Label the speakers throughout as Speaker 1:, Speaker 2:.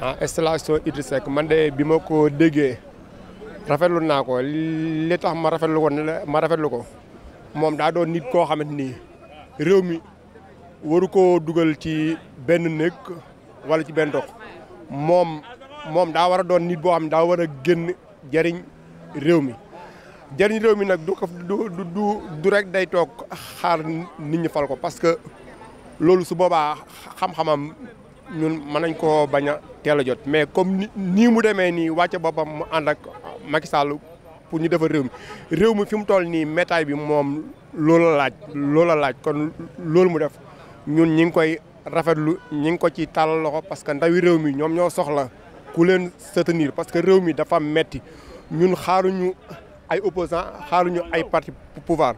Speaker 1: ah installation Idrissa man de bi ma ko déggee rafetlu naa ko li tax ma rafetlu ko ma rafetlu ko moom daa doon nit koo xamante nii réew mi waru ko dugal ci benn néeg walla ci benn dox moom moom daa war a doon nit boo xam ne daa war a génn jëriñ réew mi jëriñ réew mi nag du du du du rek day toog xaar nit ñi fal ko parce que loolu su boobaa xam-xamam. ñun mën nañ koo bañ a teel a jot mais comme nii mu demee nii wàcce boppam mu ànd ak Macky Sall pour ñu defar réew mi réew mi fi mu toll nii métaay bi moom loola laaj loola laaj kon loolu mu def ñun ñi ngi koy rafetlu ñi ngi ko ci tàllal loxo parce que ndawi réew mi ñoom ñoo soxla ku leen soutenir parce que réew mi dafa metti ñun xaaruñu ay opposant xaaruñu ay parti pouvoir.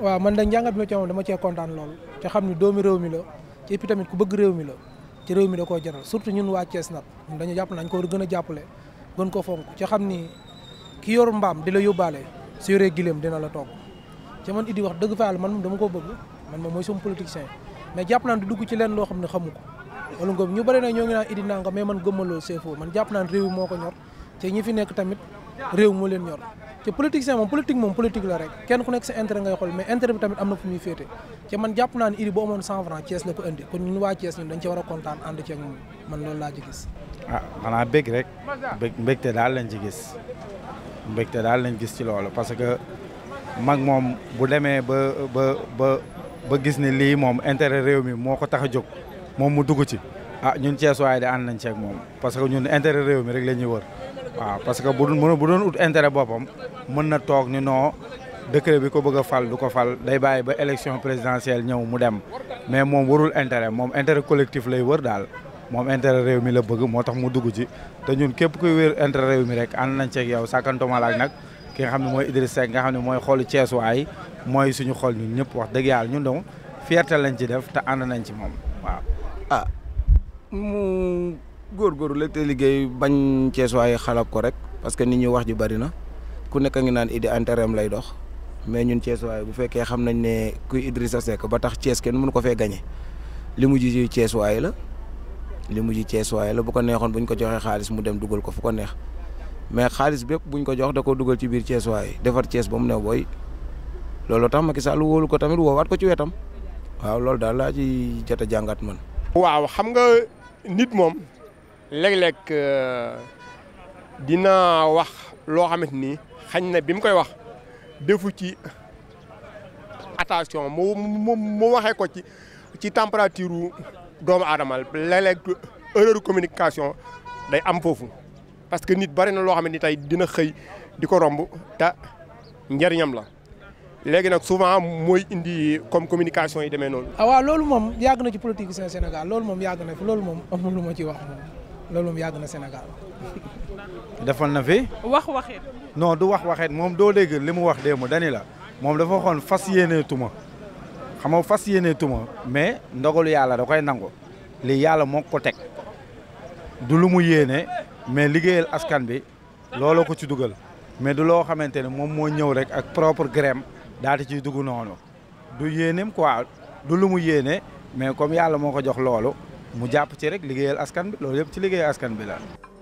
Speaker 1: waaw man da
Speaker 2: njàngat bi ma ci dama cee kontaan lool te xam ni doomi réew mi la et puis tamit ku bëgg réew mi la. ci réew mi da koo jaral surtout ñun waa Thiès nag ñun dañu jàpp nañ ko war gën a jàppale gën ko fonk ci xam ni ki yor mbaam di la yóbbaale su yoree gileem dina la toog ci man Idy wax dëgg fa yàlla man moom dama ko bëgg man moom mooy sumu politicien mais jàpp naa dugg ci leen loo xam ne xamu ko wala ngoob ñu bëri na ñoo ngi naan naa nanga mais man gëmmaloo seefoo man jàpp naan réew moo ko ñor te ñi fi nekk tamit réew moo leen ñor ci politicien moom politique moom politique la rek kenn ku nekk si intérêt ngay xool mais intérêt bi tamit am na fu muy féete te man jàpp naan ne Idy bu amoon cent franc Thiès la ko indi kon ñun waa Thiès ñun dañ ci war a kontaan ànd ceeg man loolu laa ci gis.
Speaker 3: ah xanaa bég rek bég mbégte daal lañ ci gis mbégte daal lañ gis ci loolu parce que mag moom bu demee ba ba ba ba gis ne lii moom intérêt réew mi moo ko tax a jóg moom mu dugg ci. ah ñun Thiès waaye de ànd nañ ceeg moom parce que ñun intere réew mi rek la ñuy wër waaw ah, parce que bu doon bu doon ut intérêt boppam mën na toog ni noo décret bi ko bëgg a fal du ko fal day bàyyi ba élection présidentielle ñëw mu dem mais moom warul intérêt moom intere collectif lay wër daal moom intérêt réew mi la bëgg moo tax mu dugg ci te ñun képp kuy wër intérêt réew mi rek ànd nañ ceeg yow sàkkantumal ak nag ki nga xam ne mooy Idriss Seck nga xam ne mooy xoolu Thiès waay mooy suñu xol ñun ñëpp wax dëgg yàlla ñun donc fierté lañ ci def te ànd nañ ci moom waaw ah,
Speaker 4: mu góorgóorlu rek te liggéey bañ ceesuwaay xalab ko rek parce que nit ñi wax ji bari na ku nekk a ngi naan Idi intérim lay dox mais ñun ceesuwaay bu fekkee xam nañ ne kuy Idrissa Seck ba tax cees kenn mënu ko fee gañe li mu ji ceesuwaay la li mu ji la bu ko neexoon buñ ko joxee xaalis mu dem dugal ko fu ko neex mais xaalis bépp buñ ko jox da ko dugal ci biir ceesuwaay defar cees ba mu new booy loolu tax ki Sall wóolu ko tamit woowaat ko ci wetam waaw loolu daal laa ci jot
Speaker 1: a nit moom léeg-léeg euh, dina wax loo xamante ni xañ na bi mu koy wax defu ci attention mu mu mu waxee ko ci ci température doomu aadama léeg-léeg erreur communication day am foofu parce que nit bari na loo xamante ni tey dina xëy di ko romb te njariñam la. léegi nag souvent mooy indi comme communication yi demee noonu.
Speaker 2: awaa ah, loolu moom yàgg na ci politique seen Sénégal loolu moom yàgg na fi loolu moom amul lu wax moom yàgg na senegal
Speaker 1: defoon na fi. wax waxeet.
Speaker 3: no du wax waxeet moom doo dégg li mu wax démb dani la moom dafa waxoon fas yéenee tuma xam nga fas yéene tuma mais ndogalu yàlla da koy nangu li yàlla moo ko teg du lu mu yéene mais liggéeyal askan bi looloo ko ci dugal mais du loo xamante ne moom moo ñëw rek ak propre grème. daal di ciy dugg noonu du yéeneem quoi du lu mu yéene mais comme yàlla moo ko jox loolu mu jàpp ci rek liggéeyal askan bi loolu yëpp ci liggéey askan bi la